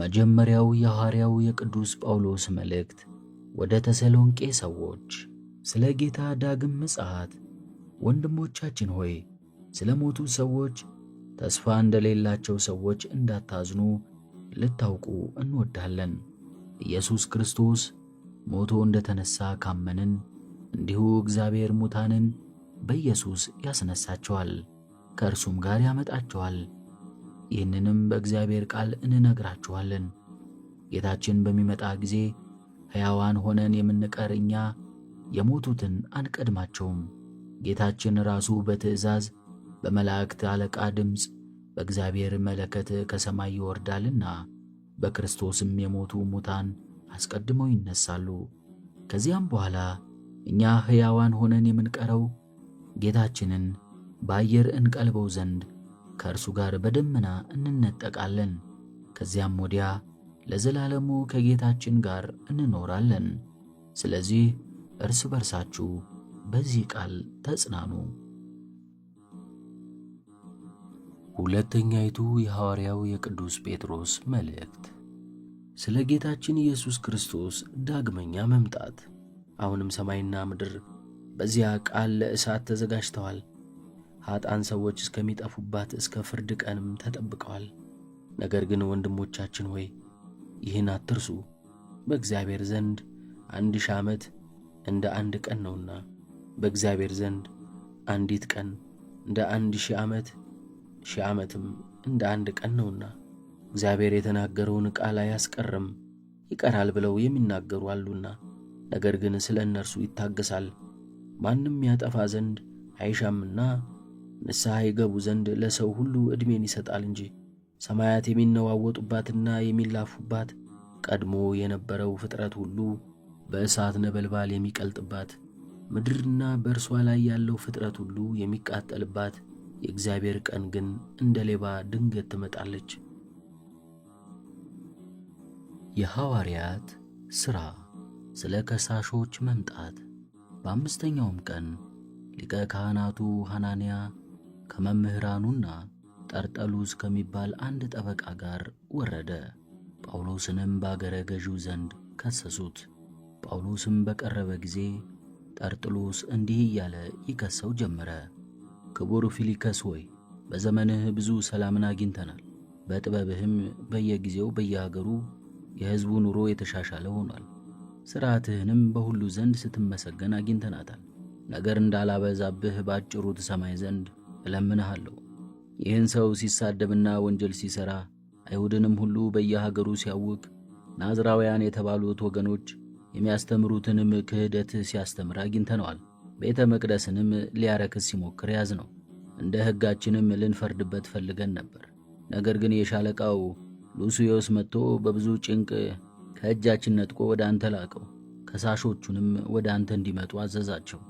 መጀመሪያው የሐዋርያው የቅዱስ ጳውሎስ መልእክት ወደ ተሰሎንቄ ሰዎች። ስለ ጌታ ዳግም ምጽአት ወንድሞቻችን ሆይ ስለ ሞቱ ሰዎች ተስፋ እንደሌላቸው ሰዎች እንዳታዝኑ ልታውቁ እንወዳለን። ኢየሱስ ክርስቶስ ሞቶ እንደተነሳ ካመንን እንዲሁ እግዚአብሔር ሙታንን በኢየሱስ ያስነሳቸዋል፣ ከእርሱም ጋር ያመጣቸዋል ይህንንም በእግዚአብሔር ቃል እንነግራችኋለን። ጌታችን በሚመጣ ጊዜ ሕያዋን ሆነን የምንቀር እኛ የሞቱትን አንቀድማቸውም። ጌታችን ራሱ በትእዛዝ በመላእክት አለቃ ድምፅ በእግዚአብሔር መለከት ከሰማይ ይወርዳልና በክርስቶስም የሞቱ ሙታን አስቀድመው ይነሳሉ። ከዚያም በኋላ እኛ ሕያዋን ሆነን የምንቀረው ጌታችንን በአየር እንቀልበው ዘንድ ከእርሱ ጋር በደመና እንነጠቃለን። ከዚያም ወዲያ ለዘላለሙ ከጌታችን ጋር እንኖራለን። ስለዚህ እርስ በርሳችሁ በዚህ ቃል ተጽናኑ። ሁለተኛይቱ የሐዋርያው የቅዱስ ጴጥሮስ መልእክት ስለ ጌታችን ኢየሱስ ክርስቶስ ዳግመኛ መምጣት። አሁንም ሰማይና ምድር በዚያ ቃል ለእሳት ተዘጋጅተዋል፣ ኀጣን ሰዎች እስከሚጠፉባት እስከ ፍርድ ቀንም ተጠብቀዋል። ነገር ግን ወንድሞቻችን ሆይ ይህን አትርሱ፣ በእግዚአብሔር ዘንድ አንድ ሺህ ዓመት እንደ አንድ ቀን ነውና፣ በእግዚአብሔር ዘንድ አንዲት ቀን እንደ አንድ ሺህ ዓመት፣ ሺህ ዓመትም እንደ አንድ ቀን ነውና። እግዚአብሔር የተናገረውን ቃል አያስቀርም፣ ይቀራል ብለው የሚናገሩ አሉና፣ ነገር ግን ስለ እነርሱ ይታገሳል፣ ማንም ያጠፋ ዘንድ አይሻምና ንስሐ ይገቡ ዘንድ ለሰው ሁሉ ዕድሜን ይሰጣል እንጂ ሰማያት የሚነዋወጡባትና የሚላፉባት ቀድሞ የነበረው ፍጥረት ሁሉ በእሳት ነበልባል የሚቀልጥባት ምድርና በእርሷ ላይ ያለው ፍጥረት ሁሉ የሚቃጠልባት የእግዚአብሔር ቀን ግን እንደ ሌባ ድንገት ትመጣለች። የሐዋርያት ሥራ ስለ ከሳሾች መምጣት። በአምስተኛውም ቀን ሊቀ ካህናቱ ሐናንያ ከመምህራኑና ጠርጠሉስ ከሚባል አንድ ጠበቃ ጋር ወረደ። ጳውሎስንም በአገረ ገዢው ዘንድ ከሰሱት። ጳውሎስም በቀረበ ጊዜ ጠርጥሎስ እንዲህ እያለ ይከሰው ጀመረ። ክቡር ፊሊከስ ሆይ በዘመንህ ብዙ ሰላምን አግኝተናል። በጥበብህም በየጊዜው በየሀገሩ የሕዝቡ ኑሮ የተሻሻለ ሆኗል። ሥርዓትህንም በሁሉ ዘንድ ስትመሰገን አግኝተናታል። ነገር እንዳላበዛብህ ባጭሩ ትሰማይ ዘንድ እለምንሃለሁ ይህን ሰው ሲሳደብና ወንጀል ሲሠራ አይሁድንም ሁሉ በየሀገሩ ሲያውክ ናዝራውያን የተባሉት ወገኖች የሚያስተምሩትንም ክህደት ሲያስተምር አግኝተነዋል። ቤተ መቅደስንም ሊያረክስ ሲሞክር ያዝ ነው። እንደ ሕጋችንም ልንፈርድበት ፈልገን ነበር። ነገር ግን የሻለቃው ሉስዮስ መጥቶ በብዙ ጭንቅ ከእጃችን ነጥቆ ወደ አንተ ላቀው። ከሳሾቹንም ወደ አንተ እንዲመጡ አዘዛቸው።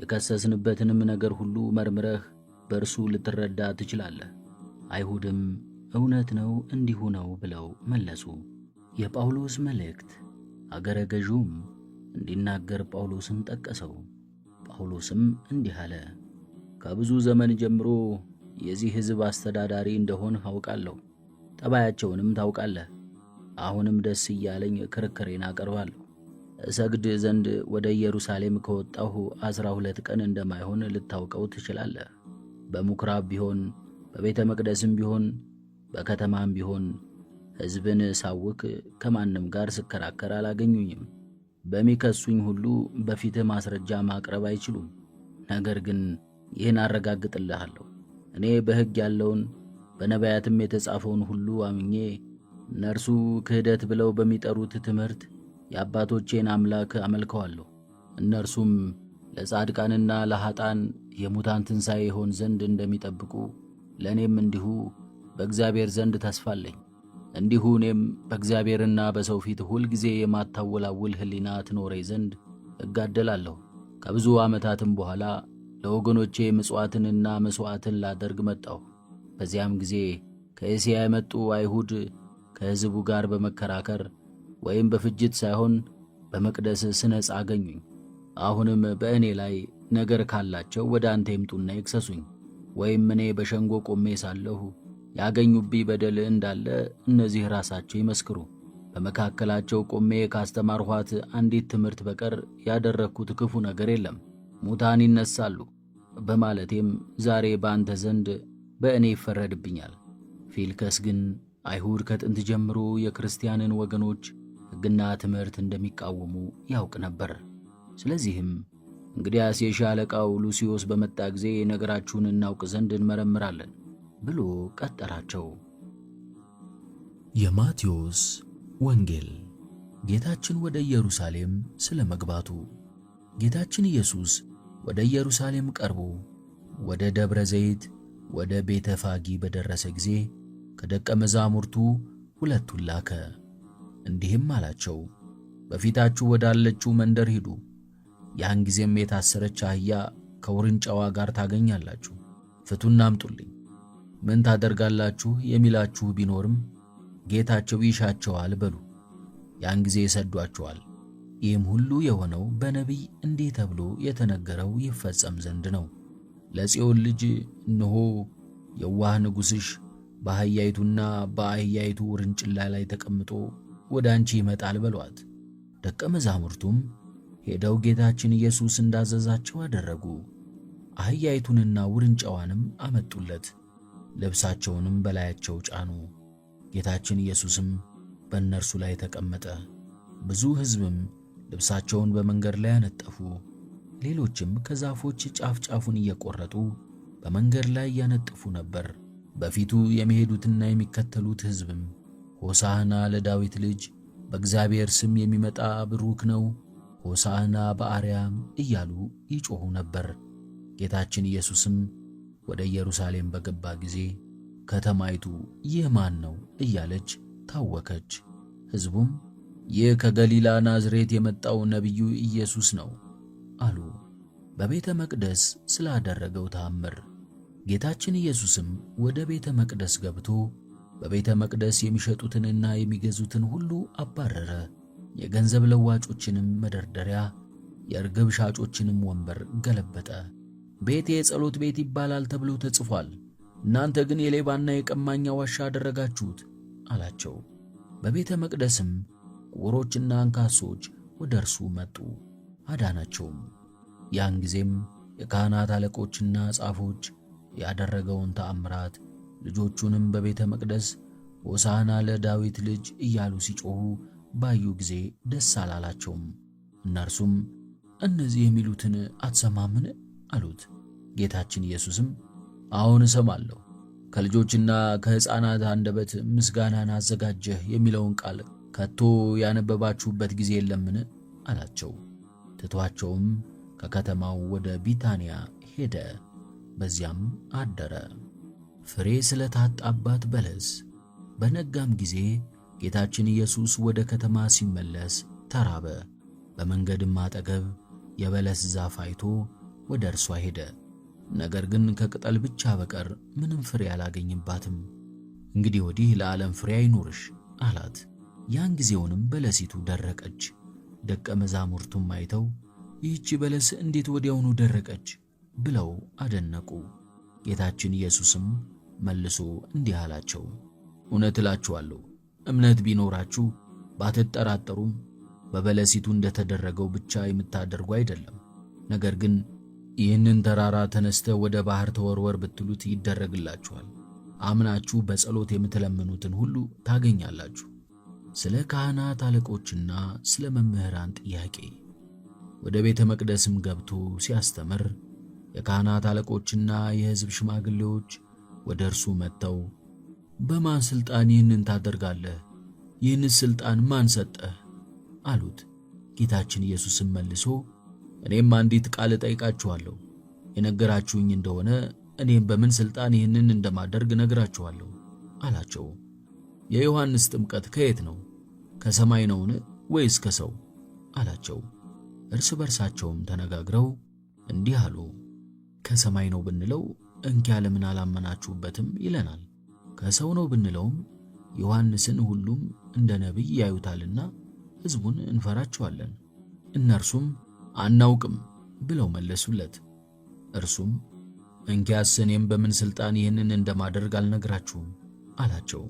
የከሰስንበትንም ነገር ሁሉ መርምረህ በእርሱ ልትረዳ ትችላለህ። አይሁድም እውነት ነው እንዲሁ ነው ብለው መለሱ። የጳውሎስ መልእክት አገረ ገዡም እንዲናገር ጳውሎስን ጠቀሰው። ጳውሎስም እንዲህ አለ፣ ከብዙ ዘመን ጀምሮ የዚህ ሕዝብ አስተዳዳሪ እንደሆንህ አውቃለሁ፣ ጠባያቸውንም ታውቃለህ። አሁንም ደስ እያለኝ ክርክሬን አቀርባለሁ። እሰግድ ዘንድ ወደ ኢየሩሳሌም ከወጣሁ አስራ ሁለት ቀን እንደማይሆን ልታውቀው ትችላለህ። በምኵራብ ቢሆን በቤተ መቅደስም ቢሆን በከተማም ቢሆን ሕዝብን ሳውክ ከማንም ጋር ስከራከር አላገኙኝም። በሚከሱኝ ሁሉ በፊትህ ማስረጃ ማቅረብ አይችሉም። ነገር ግን ይህን አረጋግጥልሃለሁ እኔ በሕግ ያለውን በነቢያትም የተጻፈውን ሁሉ አምኜ እነርሱ ክህደት ብለው በሚጠሩት ትምህርት የአባቶቼን አምላክ አመልከዋለሁ። እነርሱም ለጻድቃንና ለኃጣን የሙታን ትንሣኤ ይሆን ዘንድ እንደሚጠብቁ ለእኔም እንዲሁ በእግዚአብሔር ዘንድ ተስፋ አለኝ። እንዲሁ እኔም በእግዚአብሔርና በሰው ፊት ሁልጊዜ የማታወላውል ሕሊና ትኖረኝ ዘንድ እጋደላለሁ። ከብዙ ዓመታትም በኋላ ለወገኖቼ ምጽዋትንና መሥዋዕትን ላደርግ መጣሁ። በዚያም ጊዜ ከእስያ የመጡ አይሁድ ከሕዝቡ ጋር በመከራከር ወይም በፍጅት ሳይሆን በመቅደስ ስነጻ አገኙኝ። አሁንም በእኔ ላይ ነገር ካላቸው ወደ አንተ ይምጡና ይክሰሱኝ፣ ወይም እኔ በሸንጎ ቆሜ ሳለሁ ያገኙብኝ በደል እንዳለ እነዚህ ራሳቸው ይመስክሩ። በመካከላቸው ቆሜ ካስተማርኋት አንዲት ትምህርት በቀር ያደረግኩት ክፉ ነገር የለም፣ ሙታን ይነሳሉ በማለቴም ዛሬ በአንተ ዘንድ በእኔ ይፈረድብኛል። ፊልከስ ግን አይሁድ ከጥንት ጀምሮ የክርስቲያንን ወገኖች ሕግና ትምህርት እንደሚቃወሙ ያውቅ ነበር። ስለዚህም እንግዲያስ የሻለቃው ሉሲዮስ በመጣ ጊዜ ነገራችሁን እናውቅ ዘንድ እንመረምራለን ብሎ ቀጠራቸው። የማቴዎስ ወንጌል ጌታችን ወደ ኢየሩሳሌም ስለ መግባቱ። ጌታችን ኢየሱስ ወደ ኢየሩሳሌም ቀርቦ ወደ ደብረ ዘይት ወደ ቤተ ፋጊ በደረሰ ጊዜ ከደቀ መዛሙርቱ ሁለቱን ላከ፣ እንዲህም አላቸው፦ በፊታችሁ ወዳለችው መንደር ሂዱ፣ ያን ጊዜም የታሰረች አህያ ከውርንጫዋ ጋር ታገኛላችሁ። ፍቱና አምጡልኝ፣ ምን ታደርጋላችሁ የሚላችሁ ቢኖርም ጌታቸው ይሻቸዋል በሉ። ያን ጊዜ ይሰዷቸዋል። ይህም ሁሉ የሆነው በነቢይ እንዲህ ተብሎ የተነገረው ይፈጸም ዘንድ ነው። ለጽዮን ልጅ እነሆ የዋህ ንጉሥሽ በአህያይቱና በአህያይቱ ውርንጭላ ላይ ተቀምጦ ወደ አንቺ ይመጣል በሏት። ደቀ መዛሙርቱም ሄደው ጌታችን ኢየሱስ እንዳዘዛቸው አደረጉ። አህያይቱንና ውርንጫዋንም አመጡለት፣ ልብሳቸውንም በላያቸው ጫኑ። ጌታችን ኢየሱስም በእነርሱ ላይ ተቀመጠ። ብዙ ሕዝብም ልብሳቸውን በመንገድ ላይ አነጠፉ። ሌሎችም ከዛፎች ጫፍ ጫፉን እየቆረጡ በመንገድ ላይ እያነጠፉ ነበር። በፊቱ የሚሄዱትና የሚከተሉት ሕዝብም ሆሳህና ለዳዊት ልጅ በእግዚአብሔር ስም የሚመጣ ብሩክ ነው ሆሳዕና በአርያም እያሉ ይጮኹ ነበር። ጌታችን ኢየሱስም ወደ ኢየሩሳሌም በገባ ጊዜ ከተማይቱ ይህ ማን ነው እያለች ታወከች። ሕዝቡም ይህ ከገሊላ ናዝሬት የመጣው ነቢዩ ኢየሱስ ነው አሉ፣ በቤተ መቅደስ ስላደረገው ተአምር። ጌታችን ኢየሱስም ወደ ቤተ መቅደስ ገብቶ በቤተ መቅደስ የሚሸጡትንና የሚገዙትን ሁሉ አባረረ። የገንዘብ ለዋጮችንም መደርደሪያ የርግብ ሻጮችንም ወንበር ገለበጠ። ቤቴ የጸሎት ቤት ይባላል ተብሎ ተጽፏል፣ እናንተ ግን የሌባና የቀማኛ ዋሻ አደረጋችሁት አላቸው። በቤተ መቅደስም ዕውሮችና አንካሶች ወደ እርሱ መጡ፣ አዳናቸውም። ያን ጊዜም የካህናት አለቆችና ጻፎች ያደረገውን ተአምራት ልጆቹንም በቤተ መቅደስ ሆሳዕና ለዳዊት ልጅ እያሉ ሲጮኹ ባዩ ጊዜ ደስ አላላቸውም። እነርሱም እነዚህ የሚሉትን አትሰማምን አሉት። ጌታችን ኢየሱስም አሁን እሰማለሁ ከልጆችና ከሕፃናት አንደበት ምስጋናን አዘጋጀህ የሚለውን ቃል ከቶ ያነበባችሁበት ጊዜ የለምን? አላቸው። ትቷቸውም ከከተማው ወደ ቢታንያ ሄደ፣ በዚያም አደረ። ፍሬ ስለታጣባት በለስ በነጋም ጊዜ ጌታችን ኢየሱስ ወደ ከተማ ሲመለስ ተራበ። በመንገድም አጠገብ የበለስ ዛፍ አይቶ ወደ እርሷ ሄደ። ነገር ግን ከቅጠል ብቻ በቀር ምንም ፍሬ አላገኝባትም። እንግዲህ ወዲህ ለዓለም ፍሬ አይኖርሽ አላት። ያን ጊዜውንም በለሲቱ ደረቀች። ደቀ መዛሙርቱም አይተው ይህች በለስ እንዴት ወዲያውኑ ደረቀች ብለው አደነቁ። ጌታችን ኢየሱስም መልሶ እንዲህ አላቸው፣ እውነት እላችኋለሁ እምነት ቢኖራችሁ ባትጠራጠሩም በበለሲቱ እንደተደረገው ብቻ የምታደርጉ አይደለም። ነገር ግን ይህንን ተራራ ተነስተ ወደ ባህር ተወርወር ብትሉት ይደረግላችኋል። አምናችሁ በጸሎት የምትለምኑትን ሁሉ ታገኛላችሁ። ስለ ካህናት አለቆችና ስለ መምህራን ጥያቄ። ወደ ቤተ መቅደስም ገብቶ ሲያስተምር የካህናት አለቆችና የሕዝብ ሽማግሌዎች ወደ እርሱ መጥተው በማን ስልጣን ይህንን ታደርጋለህ? ይህን ስልጣን ማን ሰጠህ? አሉት። ጌታችን ኢየሱስም መልሶ እኔም አንዲት ቃል እጠይቃችኋለሁ፣ የነገራችሁኝ እንደሆነ እኔም በምን ስልጣን ይህንን እንደማደርግ ነግራችኋለሁ አላቸው። የዮሐንስ ጥምቀት ከየት ነው? ከሰማይ ነውን ወይስ ከሰው? አላቸው። እርስ በርሳቸውም ተነጋግረው እንዲህ አሉ፣ ከሰማይ ነው ብንለው እንኪያ ለምን አላመናችሁበትም ይለናል ከሰው ነው ብንለውም ዮሐንስን ሁሉም እንደ ነቢይ ያዩታልና ሕዝቡን እንፈራቸዋለን። እነርሱም አናውቅም ብለው መለሱለት። እርሱም እንኪያስ እኔም በምን ሥልጣን ይህንን እንደማደርግ አልነግራችሁም አላቸው።